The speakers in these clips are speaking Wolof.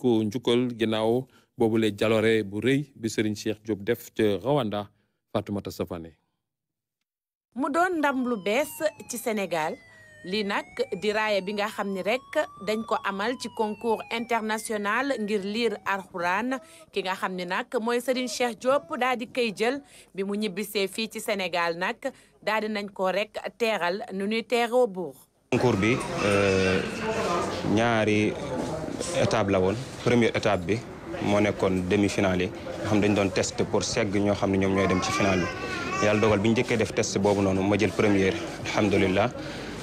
ko njukkal ginnaaw boobule jaloore bu rëy bi Serigne Cheikh Diop def ca Rwanda Fatoumata Savané mu doon ndam lu bees ci Sénégal lii nag di raaya bi nga xam ni rek dañ ko amal ci concours international ngir liir alxuraan ki nga xam ni nag mooy Serigne Cheikh Diop daal di koy jël bi mu ñibbisee fii ci Sénégal nag daal nañ ko rek teeral nu ñuy teeroo buur concours bi euh, ñaari étape la woon première étape bi moo nekkoon demi finale yi nga xam dañ doon test pour segg ñoo xam ne ñoom ñooy dem ci finale bi yàlla dogal bi ñu njëkkee def test boobu noonu ma jël première alhamdulilah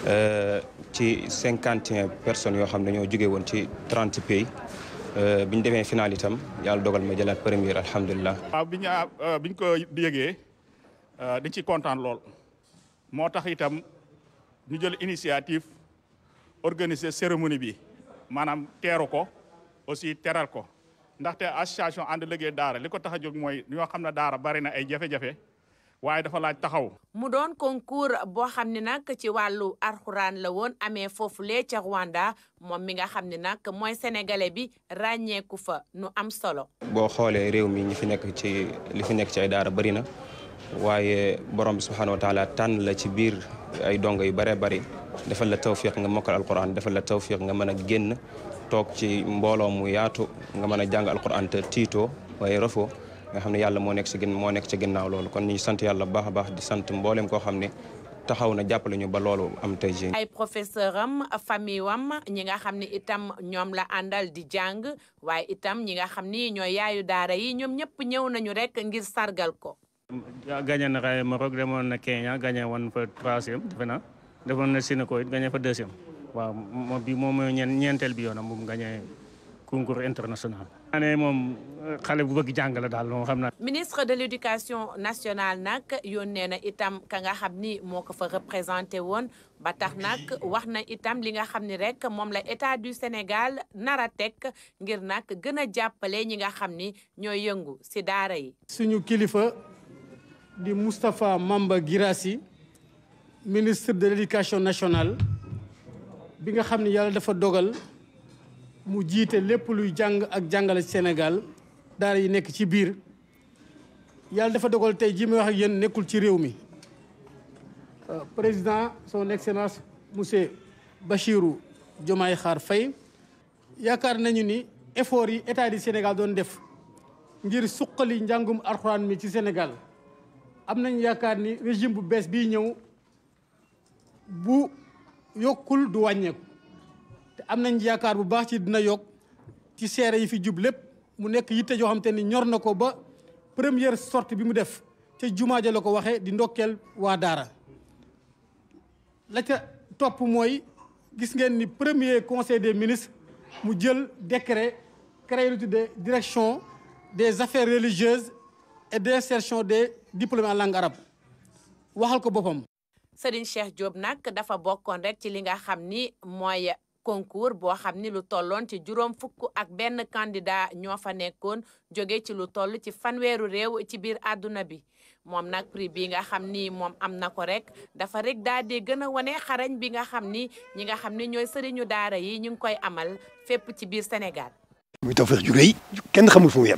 euh, ci cinquante et un personnes yoo xam ne ñoo jóge woon ci trente pays euh, bi ñu demee finale itam yàlla dogal ma jëlaat première alhamdulilah. waaw ah, bi ñu euh, bi ñu ko yëgee dañ ciy kontaan lool moo tax itam ñu jël initiative organiser cérémonie bi. maanaam teeru ko aussi teral ko ndaxte association ànd liggéey daara li ko tax a jóg mooy ñoo xam ne daara bari na ay jafe-jafe waaye dafa laaj taxaw. mu doon concours boo xam ne nag ci wàllu arxuraan la woon amee foofulee ca Rwanda moom mi nga xam ne nag mooy sénégalais bi ràññeeku fa nu am solo. boo xoolee réew mi ñi fi nekk ci li fi nekk ci ay daara bari na waaye borom bi subhaanahu wa tànn la ci biir ay dongo yu baree bari. defal la tawfiq nga mokkal alquran defal la tawfiq nga mën a génn toog ci mbooloo mu yaatu nga mën a jàng alquran te tiitoo waaye rafoo xam ne yàlla moo nekk ci gin moo nekk ci ginnaaw loolu kon ñu sant yàlla baax a baax di sant mboolem koo xam ne taxaw na jàppale ñu ba loolu am te jii. ay professeur am famille wam ñi nga xam ne itam ñoom la àndal di jàng waaye itam ñi nga xam ni ñooy yaayu daara yi ñoom ñëpp ñëw nañu rek ngir sargal ko. gagné na xëy Maroc demoon na Kenya gagné woon fa troisième defe naa defoon na Sénégal it gagné fa deuxième waaw moom bi moom mooy ñeen ñeenteel bi yoonam moom gagné concours international. année moom euh, xale bu bëgg jàng la daal moom xam naa. ministre de l' éducation nationale nag yónnee na itam ka nga xam ni moo ko fa représenté woon ba tax nag wax na itam li nga xam ni rek moom la état du Sénégal nar a teg ngir nag gën a jàppale ñi nga xam ni ñoo yëngu si daara yi. suñu kilifa di Moustapha Mamba Guirassi. ministre de l'éducation nationale bi nga xam ne yàlla dafa dogal mu jiite lépp luy jàng ak jàngale Sénégal daara yi nekk ci biir yàlla dafa dogal tey jii may wax ak yéen nekkul ci réew mi euh, président soo son excellence monsieur Bachirou Diomaye Khar Faye yaakaar nañu ni effort yi état du Sénégal doon def ngir suqali njàngum alxuraan mi ci Sénégal am nañu yaakaar ni régime bu bees bii ñëw bu yokkul du wàññeeku te am nañ yaakaar bu baax ci dina yokk ci seere yi fi jub lépp mu nekk yitte joo xam te ni ñor na ko ba première sorte bi mu def ca jumaa ja la ko waxee di ndokkeel waa daara la ca topp mooy gis ngeen ni premier conseil des ministres mu jël décret créé de direction des affaires religieuses et d'insertion des diplômés en langue arabe waxal ko boppam Serigne Cheikh Diop nag dafa bokkoon rek ci li nga xam ni mooy concours boo xam ni lu tolloon ci juróom fukk ak benn candidat ñoo fa nekkoon jóge ci lu toll ci fanweeru réew ci biir àdduna bi moom nag prix bi nga xam ni moom am na ko rek dafa rek daal gën a wane xarañ bi nga xam ni ñi nga xam ni ñooy sëriñu daara yi ñu ngi koy amal fépp ci biir Sénégal. muy tawfeex ju rëy kenn xamul fu yem